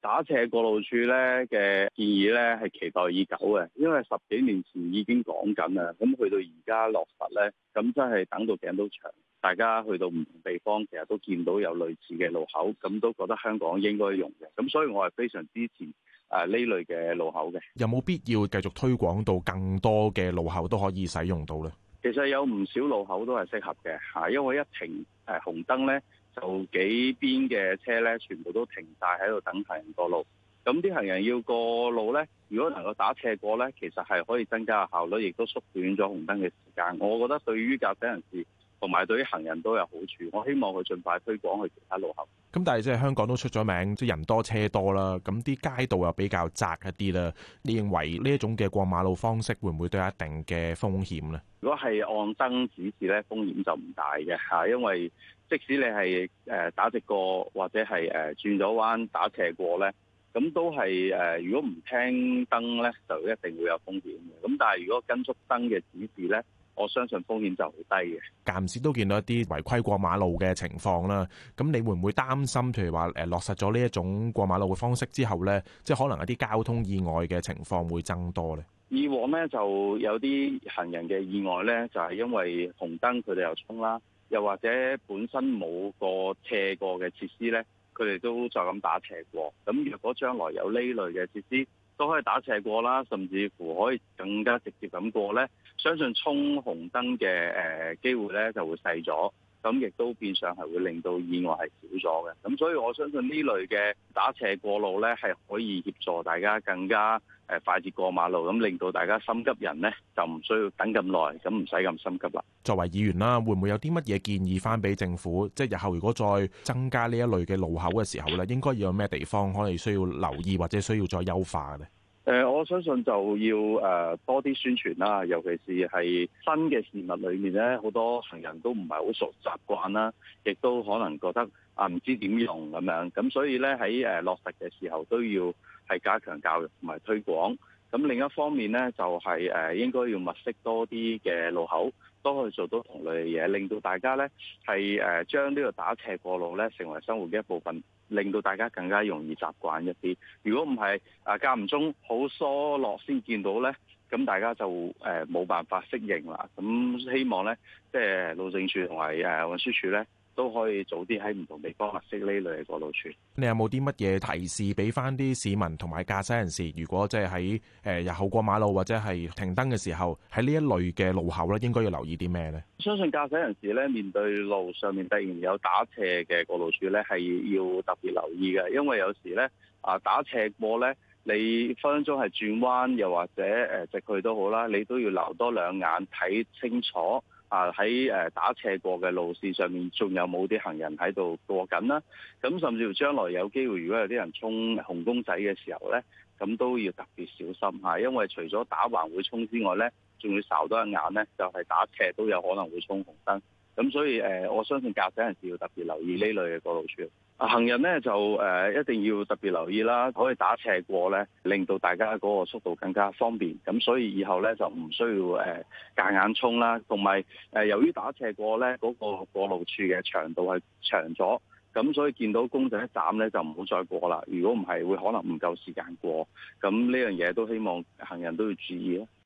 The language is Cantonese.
打斜過路處咧嘅建議咧係期待已久嘅，因為十幾年前已經講緊啦，咁去到而家落實咧，咁真係等到頸都長。大家去到唔同地方，其實都見到有類似嘅路口，咁都覺得香港應該用嘅。咁所以我係非常支持誒呢類嘅路口嘅。有冇必要繼續推廣到更多嘅路口都可以使用到咧？其實有唔少路口都係適合嘅嚇，因為一停誒紅燈咧。就幾邊嘅車咧，全部都停晒喺度等行人過路。咁啲行人要過路咧，如果能夠打斜過咧，其實係可以增加效率，亦都縮短咗紅燈嘅時間。我覺得對於駕駛人士同埋對於行人都有好處。我希望佢儘快推廣去其他路口。咁但係即係香港都出咗名，即係人多車多啦。咁啲街道又比較窄一啲啦。你認為呢一種嘅過馬路方式會唔會都有一定嘅風險咧？如果係按燈指示咧，風險就唔大嘅嚇，因為，即使你係誒打直過，或者係誒轉咗彎打斜過呢，咁都係誒、呃，如果唔聽燈呢，就一定會有風險嘅。咁但係如果跟足燈嘅指示呢，我相信風險就好低嘅。暫時都見到一啲違規過馬路嘅情況啦。咁你會唔會擔心？譬如話誒，落實咗呢一種過馬路嘅方式之後呢？即係可能一啲交通意外嘅情況會增多呢？以往呢，就有啲行人嘅意外呢，就係、是、因為紅燈佢哋又衝啦。又或者本身冇個斜過嘅設施呢，佢哋都就咁打斜過。咁如果將來有呢類嘅設施，都可以打斜過啦，甚至乎可以更加直接咁過呢，相信衝紅燈嘅誒機會呢就會細咗。咁亦都變相係會令到意外係少咗嘅，咁所以我相信呢類嘅打斜過路呢，係可以協助大家更加誒快捷過馬路，咁令到大家心急人呢，就唔需要等咁耐，咁唔使咁心急啦。作為議員啦，會唔會有啲乜嘢建議翻俾政府？即係日後如果再增加呢一類嘅路口嘅時候呢，應該要有咩地方可能需要留意或者需要再優化呢？誒，我相信就要誒多啲宣傳啦，尤其是係新嘅事物裏面咧，好多行人都唔係好熟習慣啦，亦都可能覺得啊唔知點用咁樣。咁所以咧喺誒落實嘅時候都要係加強教育同埋推廣。咁另一方面呢，就係誒應該要物色多啲嘅路口，都可以做到同類嘢，令到大家呢係誒將呢個打斜過路呢成為生活嘅一部分，令到大家更加容易習慣一啲。如果唔係啊，間唔中好疏落先見到呢，咁大家就誒冇辦法適應啦。咁希望呢，即係路政署同埋誒運輸署呢，都可以早啲喺唔同地方物色呢類嘅過路處。你有冇啲乜嘢提示俾翻啲市民同埋駕駛人士？如果即係喺誒日後過馬路或者係停燈嘅時候，喺呢一類嘅路口咧，應該要留意啲咩咧？相信駕駛人士咧，面對路上面突然有打斜嘅過路處咧，係要特別留意嘅，因為有時咧啊，打斜過咧，你分分鐘係轉彎，又或者誒直去都好啦，你都要留多兩眼睇清楚。啊喺誒打斜過嘅路線上面，仲有冇啲行人喺度過緊啦？咁甚至乎將來有機會，如果有啲人衝紅公仔嘅時候呢，咁都要特別小心嚇，因為除咗打橫會衝之外呢，仲要睄多一眼呢，就係、是、打斜都有可能會衝紅燈。咁所以誒、呃，我相信駕駛人士要特別留意呢類嘅過路處。啊，行人呢就誒、呃、一定要特別留意啦，可以打斜過呢，令到大家嗰個速度更加方便。咁所以以後呢，就唔需要誒夾硬衝啦。同埋誒，由於打斜過呢嗰、那個過路處嘅長度係長咗，咁所以見到公仔斬呢，就唔好再過啦。如果唔係，會可能唔夠時間過。咁呢樣嘢都希望行人都要注意咧。